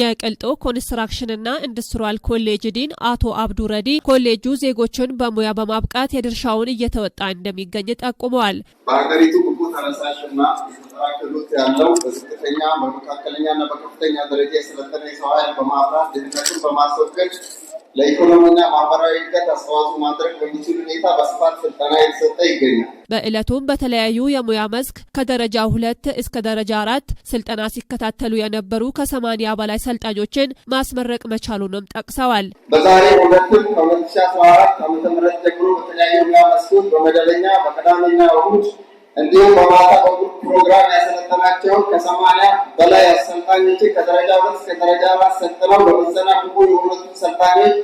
የቀልጦ ኮንስትራክሽንና ኢንዱስትሪያል ኮሌጅ ዲን አቶ አብዱ ረዲ ኮሌጁ ዜጎችን በሙያ በማብቃት የድርሻውን እየተወጣ እንደሚገኝ ጠቁመዋል። በሀገሪቱ ብቁ ተነሳሽና የፈጠራ ክህሎት ያለው በዝቅተኛ በመካከለኛና በከፍተኛ ደረጃ የሰለጠነ የሰው ኃይል በማፍራት ድህነትን በማስወገድ ለኢኮኖሚና ማህበራዊ እድገት አስተዋጽኦ ማድረግ በሚችል ሁኔታ በስፋት ስልጠና የተሰጠ ይገኛል። በዕለቱም በተለያዩ የሙያ መስክ ከደረጃ ሁለት እስከ ደረጃ አራት ስልጠና ሲከታተሉ የነበሩ ከሰማኒያ በላይ ሰልጣኞችን ማስመረቅ መቻሉንም ጠቅሰዋል። በዛሬ ሁለትም ከሁለት ሺ አስራ አራት ዓመተ ምህረት ጀምሮ በተለያዩ ሙያ መስኮች በመደበኛ በቀዳሚና እሁድ እንዲሁም በማታ በግሩፕ ፕሮግራም ያሰለጠናቸው ከሰማንያ በላይ አሰልጣኞች ከደረጃ ሁለት እስከ ደረጃ አራት ሰልጥነው በምዘና ብቁ የሆኑትን ሰልጣኞች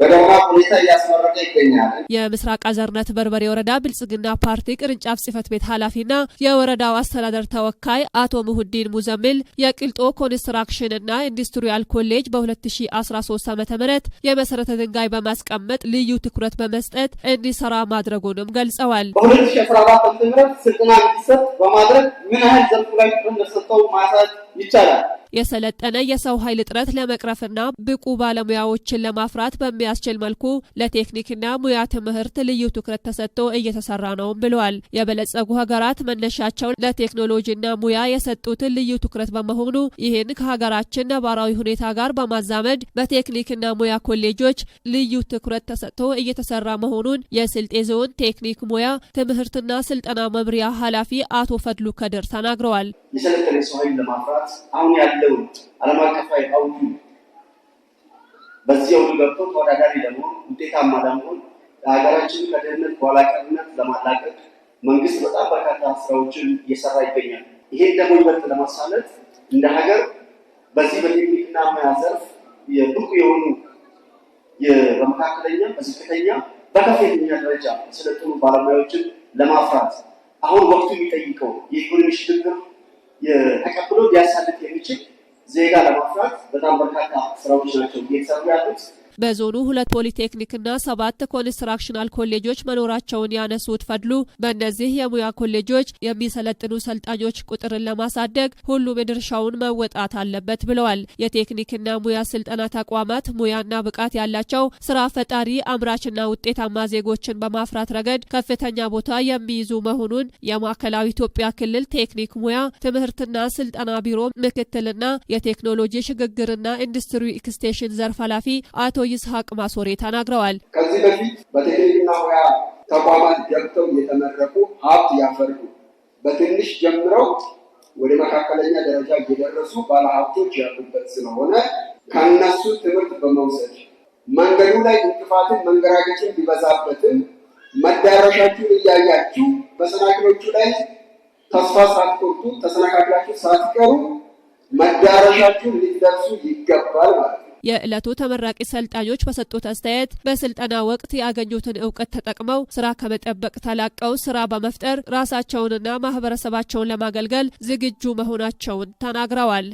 በደማቅ ሁኔታ እያስመረቀ ይገኛል። የምስራቅ አዘርነት በርበሬ ወረዳ ብልጽግና ፓርቲ ቅርንጫፍ ጽህፈት ቤት ኃላፊና የወረዳው አስተዳደር ተወካይ አቶ ሙሁዲን ሙዘምል የቅልጦ ኮንስትራክሽን እና ኢንዱስትሪያል ኮሌጅ በ2013 ዓ ም የመሰረተ ድንጋይ በማስቀመጥ ልዩ ትኩረት በመስጠት እንዲሰራ ማድረጉንም ገልጸዋል። በ2014 ዓ ም ስልጠና እንዲሰጥ በማድረግ ምን ያህል ዘርፉ ላይ ትኩረት እንደሰጠው ማሳት ይቻላል። የሰለጠነ የሰው ኃይል እጥረት ለመቅረፍና ብቁ ባለሙያዎችን ለማፍራት በሚያስችል መልኩ ለቴክኒክና ሙያ ትምህርት ልዩ ትኩረት ተሰጥቶ እየተሰራ ነው ብለዋል። የበለጸጉ ሀገራት መነሻቸውን ለቴክኖሎጂና ሙያ የሰጡትን ልዩ ትኩረት በመሆኑ ይህን ከሀገራችን ነባራዊ ሁኔታ ጋር በማዛመድ በቴክኒክና ሙያ ኮሌጆች ልዩ ትኩረት ተሰጥቶ እየተሰራ መሆኑን የስልጤ ዞን ቴክኒክ ሙያ ትምህርትና ስልጠና መምሪያ ኃላፊ አቶ ፈድሉ ከድር ተናግረዋል። የሰለጠነ ሰው ኃይል ለማፍራት አሁን ያለ ያለውን ዓለም አቀፋዊ አውዱ በዚያው አውዱ ገብቶ ተወዳዳሪ ለመሆን ውጤታማ ለመሆን ለሀገራችን ከድህነት በኋላቀርነት ለማላቀቅ መንግስት በጣም በርካታ ስራዎችን እየሰራ ይገኛል። ይሄን ደግሞ ይበልጥ ለማሳለጥ እንደ ሀገር በዚህ በቴክኒክና ሙያ ዘርፍ የብቁ የሆኑ በመካከለኛ በዝቅተኛ በከፍተኛ ደረጃ የሰለጠኑ ባለሙያዎችን ለማፍራት አሁን ወቅቱ የሚጠይቀው የኢኮኖሚ ሽግግር ተቀብሎ ሊያሳልፍ የሚችል ዜጋ ለማፍራት በጣም በርካታ ስራዎች ናቸው እየተሰሩ ያሉት። በዞኑ ሁለት ፖሊቴክኒክና ሰባት ኮንስትራክሽናል ኮሌጆች መኖራቸውን ያነሱት ፈድሉ በእነዚህ የሙያ ኮሌጆች የሚሰለጥኑ ሰልጣኞች ቁጥርን ለማሳደግ ሁሉም የድርሻውን መወጣት አለበት ብለዋል። የቴክኒክና ሙያ ስልጠና ተቋማት ሙያና ብቃት ያላቸው ስራ ፈጣሪ አምራችና ውጤታማ ዜጎችን በማፍራት ረገድ ከፍተኛ ቦታ የሚይዙ መሆኑን የማዕከላዊ ኢትዮጵያ ክልል ቴክኒክ ሙያ ትምህርትና ስልጠና ቢሮ ምክትልና የቴክኖሎጂ ሽግግርና ኢንዱስትሪ ኤክስቴንሽን ዘርፍ ኃላፊ አቶ ይስሐቅ ማሶሬ ተናግረዋል። ከዚህ በፊት በቴክኒክና ሙያ ተቋማት ገብተው የተመረቁ ሀብት ያፈርዱ በትንሽ ጀምረው ወደ መካከለኛ ደረጃ እየደረሱ ባለሀብቶች ያሉበት ስለሆነ ከነሱ ትምህርት በመውሰድ መንገዱ ላይ እንቅፋትን መንገራገጭን ቢበዛበትም መዳረሻችሁን እያያችሁ መሰናክሎቹ ላይ ተስፋ ሳትቆርጡ ተሰናካክላችሁ ሳትቀሩ መዳረሻችሁን ልትደርሱ ይገባል ማለት ነው። የዕለቱ ተመራቂ ሰልጣኞች በሰጡት አስተያየት በስልጠና ወቅት ያገኙትን እውቀት ተጠቅመው ስራ ከመጠበቅ ተላቀው ስራ በመፍጠር ራሳቸውንና ማህበረሰባቸውን ለማገልገል ዝግጁ መሆናቸውን ተናግረዋል።